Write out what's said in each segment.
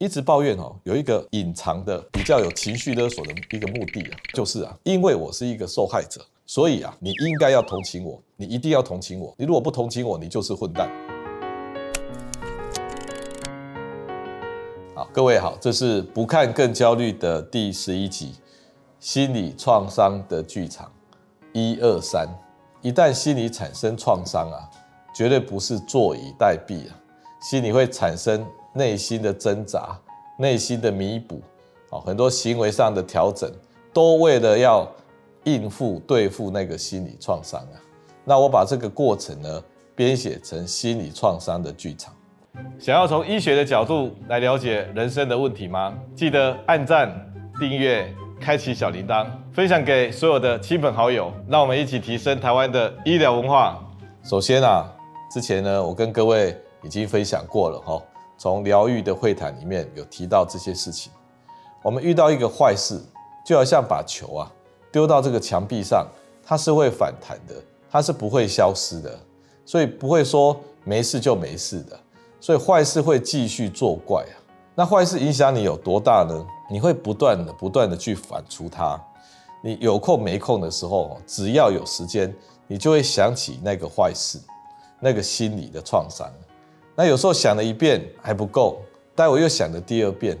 一直抱怨哦，有一個隱藏的比較有情緒勒索的一個目的啊，就是啊，因為我是一個受害者，所以啊，你應該要同情我，你一定要同情我，你如果不同情我，你就是混蛋。好，各位好，這是不看更焦慮的第十一集，心理創傷的劇場，一二三，一旦心理產生創傷啊，絕對不是坐以待斃啊，心理會產生。內心的掙扎，內心的彌補，好，很多行為上的調整，都為了要應付對付那個心理創傷啊。那我把這個過程呢，編寫成心理創傷的劇場。想要從醫學的角度來了解人生的問題嗎？記得按讚、訂閱、開啟小鈴鐺，分享給所有的親朋好友，讓我們一起提升台灣的醫療文化。首先啊，之前呢，我跟各位已經分享過了哈。從療癒的會談裡面有提到這些事情，我們遇到一個壞事，就好像把球啊丟到這個牆壁上，它是會反彈的，它是不會消失的，所以不會說沒事就沒事的，所以壞事會繼續作怪啊。那壞事影響你有多大呢？你會不斷的不斷的去反芻它，你有空沒空的時候，只要有時間，你就會想起那個壞事，那個心理的創傷。那有時候想了一遍還不夠，待會又想了第二遍，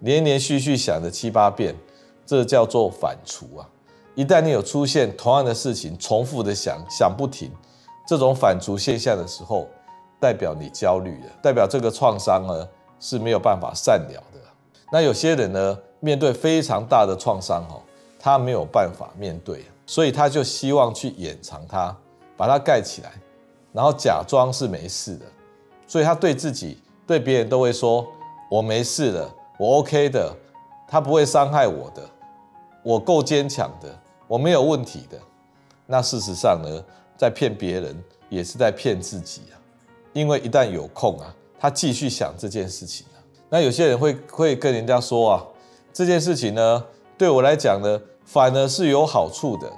連連續續想了七八遍，這叫做反芻啊！一旦你有出現同樣的事情，重複的想，想不停，這種反芻現象的時候，代表你焦慮了，代表這個創傷呢是沒有辦法善了的。那有些人呢，面對非常大的創傷哦，他沒有辦法面對，所以他就希望去掩藏它，把它蓋起來，然後假裝是沒事的。所以他對自己、對別人都會說：“我沒事了，我 OK 的，他不會傷害我的，我夠堅強的，我沒有問題的。”那事實上呢，在騙別人也是在騙自己啊，因為一旦有空啊，他繼續想這件事情啊。那有些人會會跟人家說啊，這件事情呢，對我來講呢，反而是有好處的。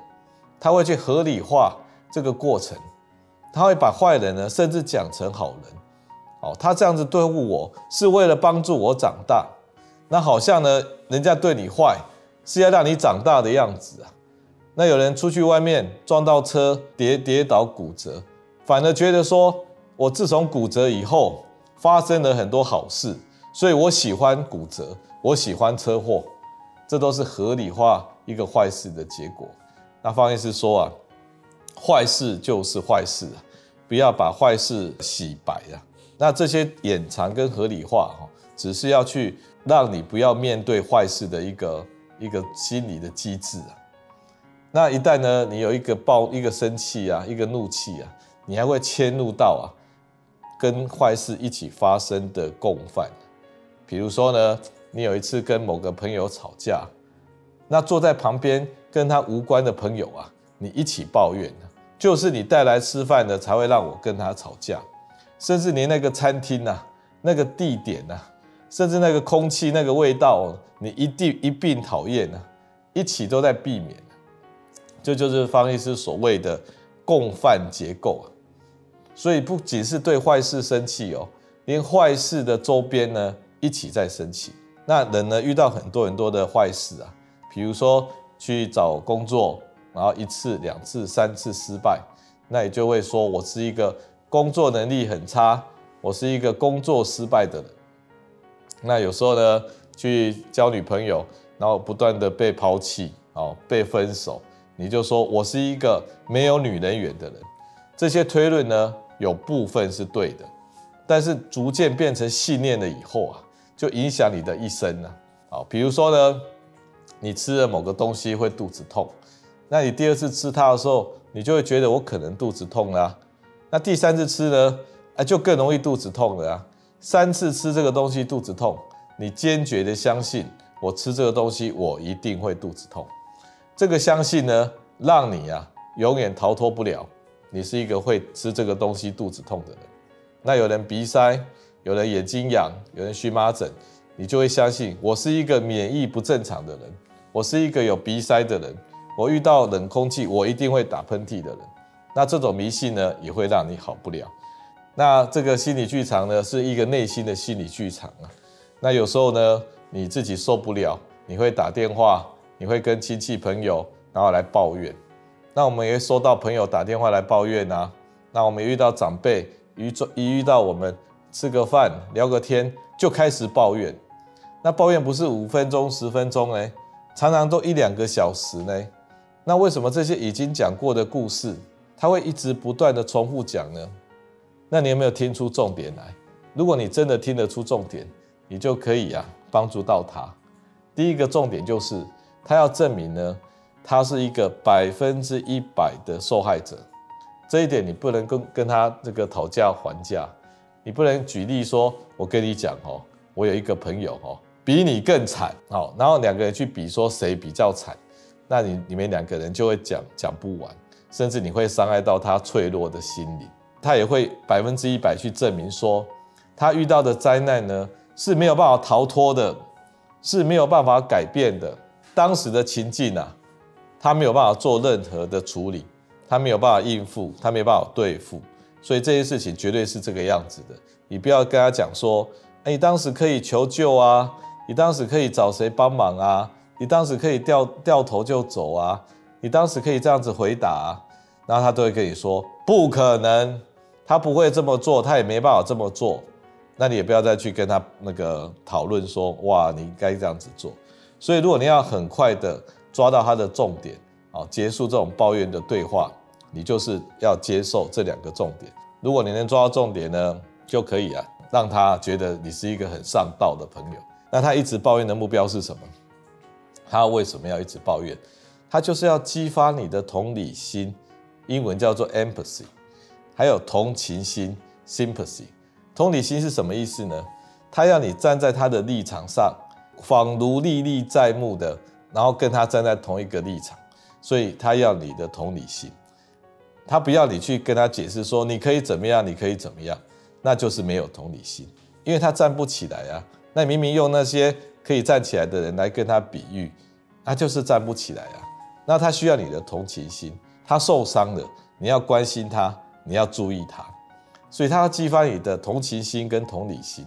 他會去合理化這個過程，他會把壞人呢，甚至講成好人。他這樣子對付我是為了幫助我長大，那好像呢，人家對你壞是要讓你長大的樣子啊。那有人出去外面撞到車，跌跌倒骨折，反而覺得說我自從骨折以後發生了很多好事，所以我喜歡骨折，我喜歡車禍，這都是合理化一個壞事的結果。那方醫師說啊，壞事就是壞事，不要把壞事洗白啊。那這些掩藏跟合理化哦，只是要去讓你不要面對壞事的一個一個心理的機制啊。那一旦呢，你有一個爆一個生氣啊，一個怒氣啊，你還會遷怒到啊，跟壞事一起發生的共犯。比如說呢，你有一次跟某個朋友吵架，那坐在旁邊跟他無關的朋友啊，你一起抱怨，就是你帶來吃飯的才會讓我跟他吵架。甚至連那個餐廳啊，那個地點啊，甚至那個空氣、那個味道、啊，你一定一併討厭呢、啊，一起都在避免、啊。這就，就是方醫師所謂的共犯結構、啊、所以不僅是對壞事生氣哦，連壞事的周邊呢一起在生氣。那人呢遇到很多很多的壞事啊，比如說去找工作，然後一次、兩次、三次失敗，那也就會說我是一個。工作能力很差，我是一個工作失敗的人。那有時候呢，去交女朋友，然後不斷的被拋棄，哦，被分手，你就說我是一個沒有女人緣的人。這些推論呢，有部分是對的，但是逐漸變成信念了以後啊，就影響你的一生了啊。哦，比如說呢，你吃了某個東西會肚子痛，那你第二次吃它的時候，你就會覺得我可能肚子痛啊。那第三次吃呢？哎，就更容易肚子痛了啊！三次吃這個東西肚子痛，你堅決的相信我吃這個東西我一定會肚子痛。這個相信呢，讓你呀，啊，永遠逃脫不了，你是一個會吃這個東西肚子痛的人。那有人鼻塞，有人眼睛癢，有人蕁麻疹，你就會相信我是一個免疫不正常的人，我是一個有鼻塞的人，我遇到冷空氣我一定會打噴嚏的人。那這種迷信呢，也會讓你好不了。那這個心理劇場呢，是一個內心的心理劇場啊。那有時候呢，你自己受不了，你會打電話，你會跟親戚朋友，然後來抱怨。那我們也會收到朋友打電話來抱怨啊。那我們遇到長輩，一遇一遇到我們，吃個飯聊個天就開始抱怨。那抱怨不是五分鐘、十分鐘嘞，常常都一兩個小時呢。那為什麼這些已經講過的故事，他會一直不斷的重複講呢，那你有沒有聽出重點來？如果你真的聽得出重點，你就可以啊幫助到他。第一個重點就是，他要證明呢，他是一個百分之一百的受害者，這一點你不能跟跟他這個討價還價，你不能舉例說，我跟你講哦，我有一個朋友哦，比你更慘哦，然後兩個人去比說誰比較慘，那你你們兩個人就會講講不完。甚至你會傷害到他脆弱的心靈，他也會百分之一百去證明說，他遇到的災難呢是沒有辦法逃脫的，是沒有辦法改變的。當時的情境啊，他沒有辦法做任何的處理，他沒有辦法應付，他沒有辦法對付，所以這件事情絕對是這個樣子的。你不要跟他講說，哎，你當時可以求救啊，你當時可以找誰幫忙啊，你當時可以掉掉頭就走啊，你當時可以這樣子回答啊。那他都會跟你說不可能，他不會這麼做，他也沒辦法這麼做。那你也不要再去跟他那個討論說，哇，你應該這樣子做。所以如果你要很快的抓到他的重點，啊，結束這種抱怨的對話，你就是要接受這兩個重點。如果你能抓到重點呢，就可以啊，讓他覺得你是一個很上道的朋友。那他一直抱怨的目標是什麼？他為什麼要一直抱怨？他就是要激發你的同理心。英文叫做 empathy，還有同情心 sympathy。同理心是什麼意思呢？他要你站在他的立場上，仿如歷歷在目的，然後跟他站在同一個立場，所以他要你的同理心。他不要你去跟他解釋說你可以怎麼樣，你可以怎麼樣，那就是沒有同理心，因為他站不起來啊。那明明用那些可以站起來的人來跟他比喻，他就是站不起來啊。那他需要你的同情心。他受傷了，你要關心他，你要注意他，所以他要激發你的同情心跟同理心。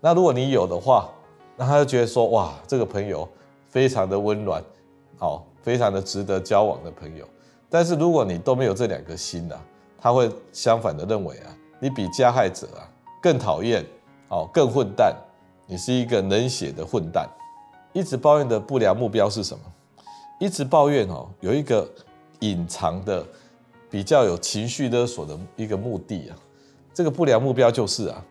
那如果你有的話，那他就覺得說：哇，這個朋友非常的溫暖，好，哦，非常的值得交往的朋友。但是如果你都沒有這兩個心啊，他會相反的認為啊，你比加害者啊更討厭，哦，更混蛋，你是一個冷血的混蛋。一直抱怨的不良目標是什麼？一直抱怨哦，有一個。隱藏的比較有情緒勒索的一個目的啊，這個不良目標就是啊，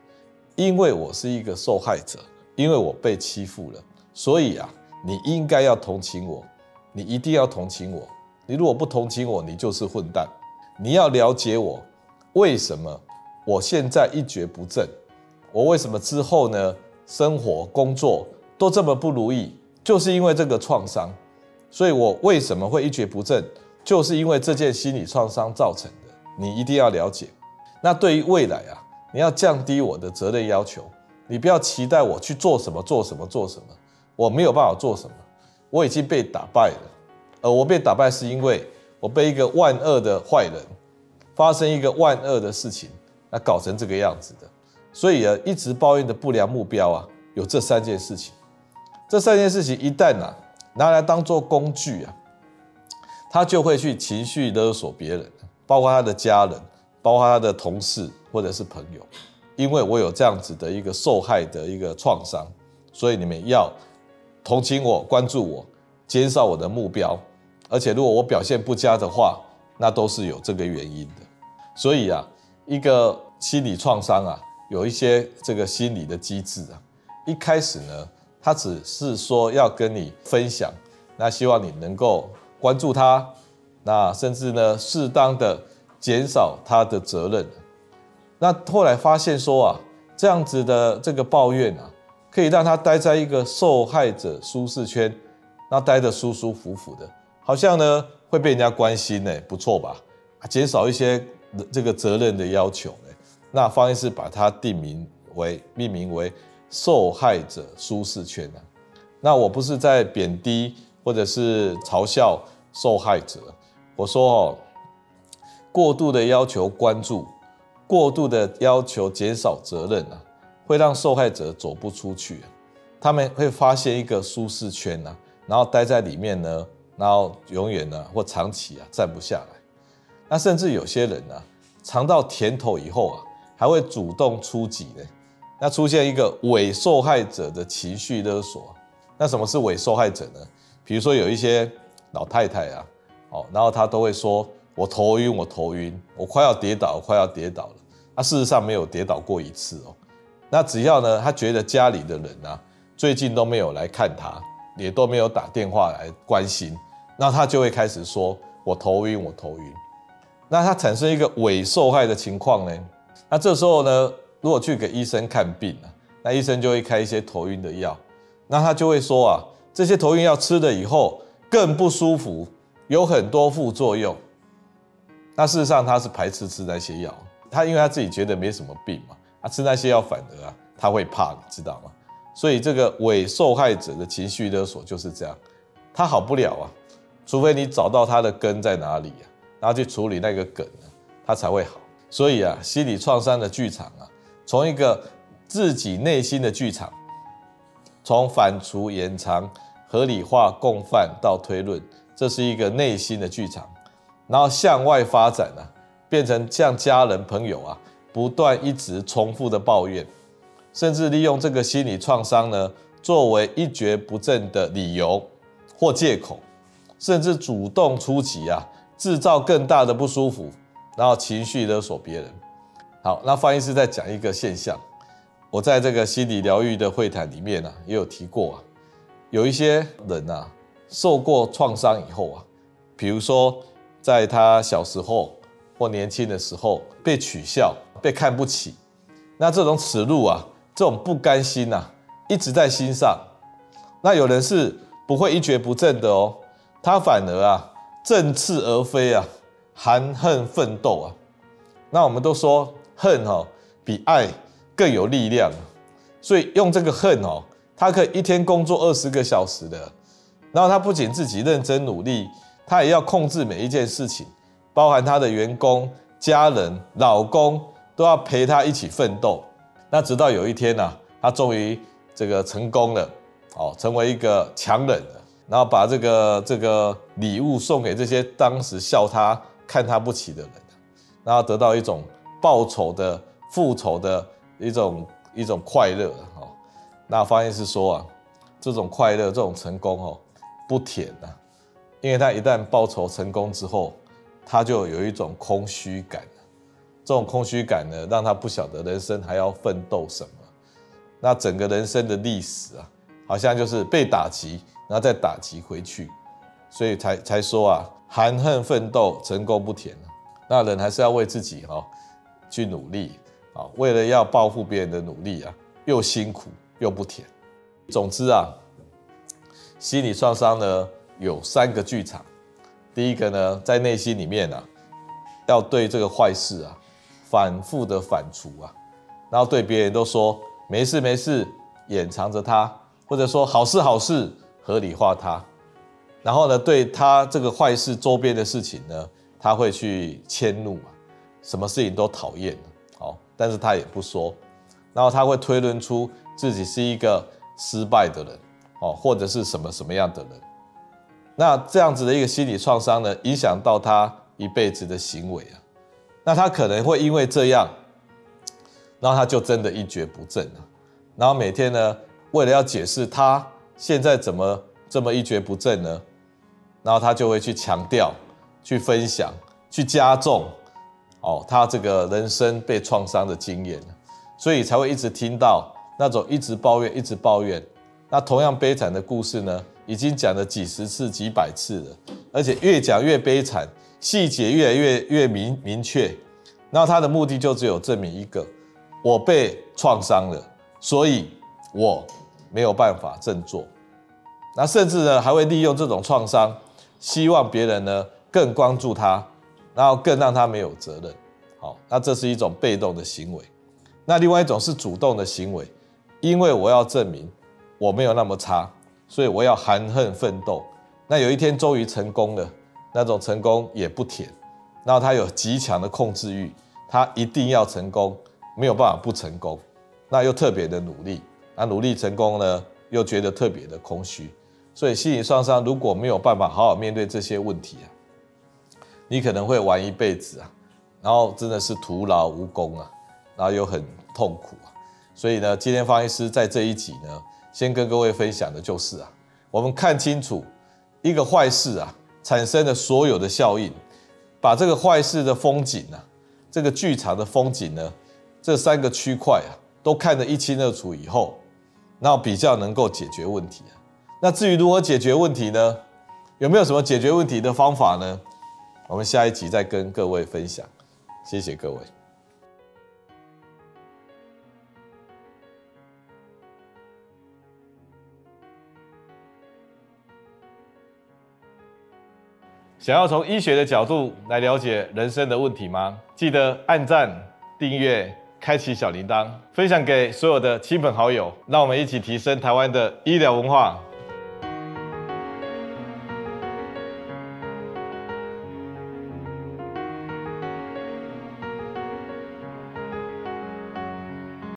因為我是一個受害者，因為我被欺負了，所以啊，你應該要同情我，你一定要同情我，你如果不同情我，你就是混蛋。你要了解我，為什麼我現在一蹶不振。我為什麼之後呢？生活工作都這麼不如意，就是因為這個創傷，所以我為什麼會一蹶不振。就是因為這件心理創傷造成的，你一定要了解。那對於未來啊，你要降低我的責任要求，你不要期待我去做什麼做什麼做什麼，我沒有辦法做什麼，我已經被打敗了。而我被打敗是因為我被一個萬惡的壞人發生一個萬惡的事情，那搞成這個樣子的。所以啊，一直抱怨的不良目標啊，有這三件事情，這三件事情一旦啊拿來當做工具啊。他就會去情緒勒索別人，包括他的家人，包括他的同事或者是朋友，因為我有這樣子的一個受害的一個創傷，所以你們要同情我、關注我、減少我的目標，而且如果我表現不佳的話，那都是有這個原因的。所以啊，一個心理創傷啊，有一些這個心理的機制啊，一開始呢，他只是說要跟你分享，那希望你能夠。關注他，那甚至呢，適當的減少他的責任。那後來發現說啊，這樣子的這個抱怨啊，可以讓他待在一個受害者舒適圈，那待得舒舒服服的，好像呢會被人家關心呢，欸，不錯吧？減少一些這個責任的要求、欸、那方醫師把它定名為命名為受害者舒適圈，啊、那我不是在貶低或者是嘲笑。受害者，我說哦，過度的要求關注，過度的要求減少責任啊，會讓受害者走不出去、啊，他們會發現一個舒適圈吶、啊，然後待在裡面呢，然後永遠呢、啊、或長期啊站不下來。那甚至有些人呢、啊、嘗到甜頭以後啊，還會主動出擊呢，那出現一個偽受害者的情緒勒索。那什麼是偽受害者呢？比如說有一些。老太太啊，哦，然後她都會說：“我頭暈，我頭暈，我快要跌倒，快要跌倒了。啊”她事實上沒有跌倒過一次哦。那只要呢，她覺得家裡的人呢、啊，最近都沒有來看她，也都沒有打電話來關心，那她就會開始說：“我頭暈，我頭暈。”那她產生一個偽受害的情況呢？那這時候呢，如果去給醫生看病，那醫生就會開一些頭暈的藥，那她就會說啊：“這些頭暈藥吃了以後。”更不舒服，有很多副作用。那事實上，他是排斥吃那些藥，他因為他自己覺得沒什麼病嘛，他、啊、吃那些藥反而啊，他會胖，你知道嗎？所以這個偽受害者的情緒勒索就是這樣，他好不了啊，除非你找到他的根在哪裡啊，然後去處理那個梗，他才會好。所以啊，心理創傷的劇場啊，從一個自己內心的劇場，從反芻延長。合理化、共犯到推論，這是一個內心的劇場，然後向外發展呢、啊，變成向家人朋友啊，不斷一直重複的抱怨，甚至利用這個心理創傷呢，作為一蹶不振的理由或借口，甚至主動出擊啊，制造更大的不舒服，然後情緒勒索別人。好，那方醫師在講一個現象，我在這個心理療癒的會談裡面呢、啊，也有提過啊。有一些人吶、啊，受過創傷以後啊，比如說在他小時候或年輕的時候被取笑、被看不起，那這種恥辱啊，這種不甘心吶、啊，一直在心上。那有人是不會一蹶不振的哦，他反而啊振翅而飛啊，含恨奮鬥啊。那我們都說恨哈、哦，比愛更有力量，所以用這個恨哦。他可以一天工作二十個小時的，然後他不僅自己認真努力，他也要控制每一件事情，包含他的員工、家人、老公都要陪他一起奮鬥。那直到有一天呢、啊，他終於這個成功了，哦，成為一個強人了，然後把這個這個禮物送給這些當時笑他、看他不起的人，然後得到一種報仇的、復仇的一種一種快樂。那發現是說啊，這種快樂、這種成功哦，不甜啊，因為他一旦報仇成功之後，他就有一種空虛感。這種空虛感呢，讓他不曉得人生還要奮鬥什麼。那整個人生的歷史啊，好像就是被打擊，然後再打擊回去，所以才才說啊，含恨奮鬥，成功不甜。那人還是要為自己哈，哦，去努力啊，哦，為了要報復別人的努力啊，又辛苦。又不甜，總之啊，心理創傷呢，有三個劇場，第一個呢，在內心裡面啊，要對這個壞事啊，反覆的反芻啊，然後對別人都說沒事沒事，掩藏着他，或者說好事好事，合理化他。然後呢，對他這個壞事周邊的事情呢，他會去遷怒啊，什麼事情都討厭，好，但是他也不說。然後他會推論出自己是一個失敗的人，哦，或者是什麼什麼樣的人。那這樣子的一個心理創傷呢，影響到他一輩子的行為啊。那他可能會因為這樣，然後他就真的一蹶不振了。然後每天呢，為了要解釋他現在怎麼這麼一蹶不振呢，然後他就會去強調、去分享、去加重，哦，他這個人生被創傷的經驗。所以才會一直聽到那種一直抱怨、一直抱怨，那同樣悲慘的故事呢，已經講了幾十次、幾百次了，而且越講越悲慘，細節越來越越明明確。那他的目的就只有證明一個：我被創傷了，所以我沒有辦法振作。那甚至呢，還會利用這種創傷，希望別人呢更關注他，然後更讓他沒有責任。好，那這是一種被動的行為。那另外一種是主動的行為，因為我要證明我沒有那麼差，所以我要含恨奮鬥。那有一天終於成功了，那種成功也不甜。然後他有極強的控制慾，他一定要成功，沒有辦法不成功。那又特別的努力，那努力成功呢，又覺得特別的空虛。所以心理創傷如果沒有辦法好好面對這些問題啊，你可能會玩一輩子啊，然後真的是徒勞無功啊，然後又很痛苦啊！所以呢，今天方醫師在這一集呢，先跟各位分享的就是啊，我們看清楚一個壞事啊，產生的所有的效應，把這個壞事的風景啊。這個劇場的風景呢，這三個區塊啊，都看得一清二楚以後，那比較能夠解決問題啊。那至於如何解決問題呢？有沒有什麼解決問題的方法呢？我們下一集再跟各位分享。謝謝各位。想要從醫學的角度來了解人生的問題嗎？記得按讚、訂閱、開啟小鈴鐺，分享給所有的親朋好友，讓我們一起提升台灣的醫療文化。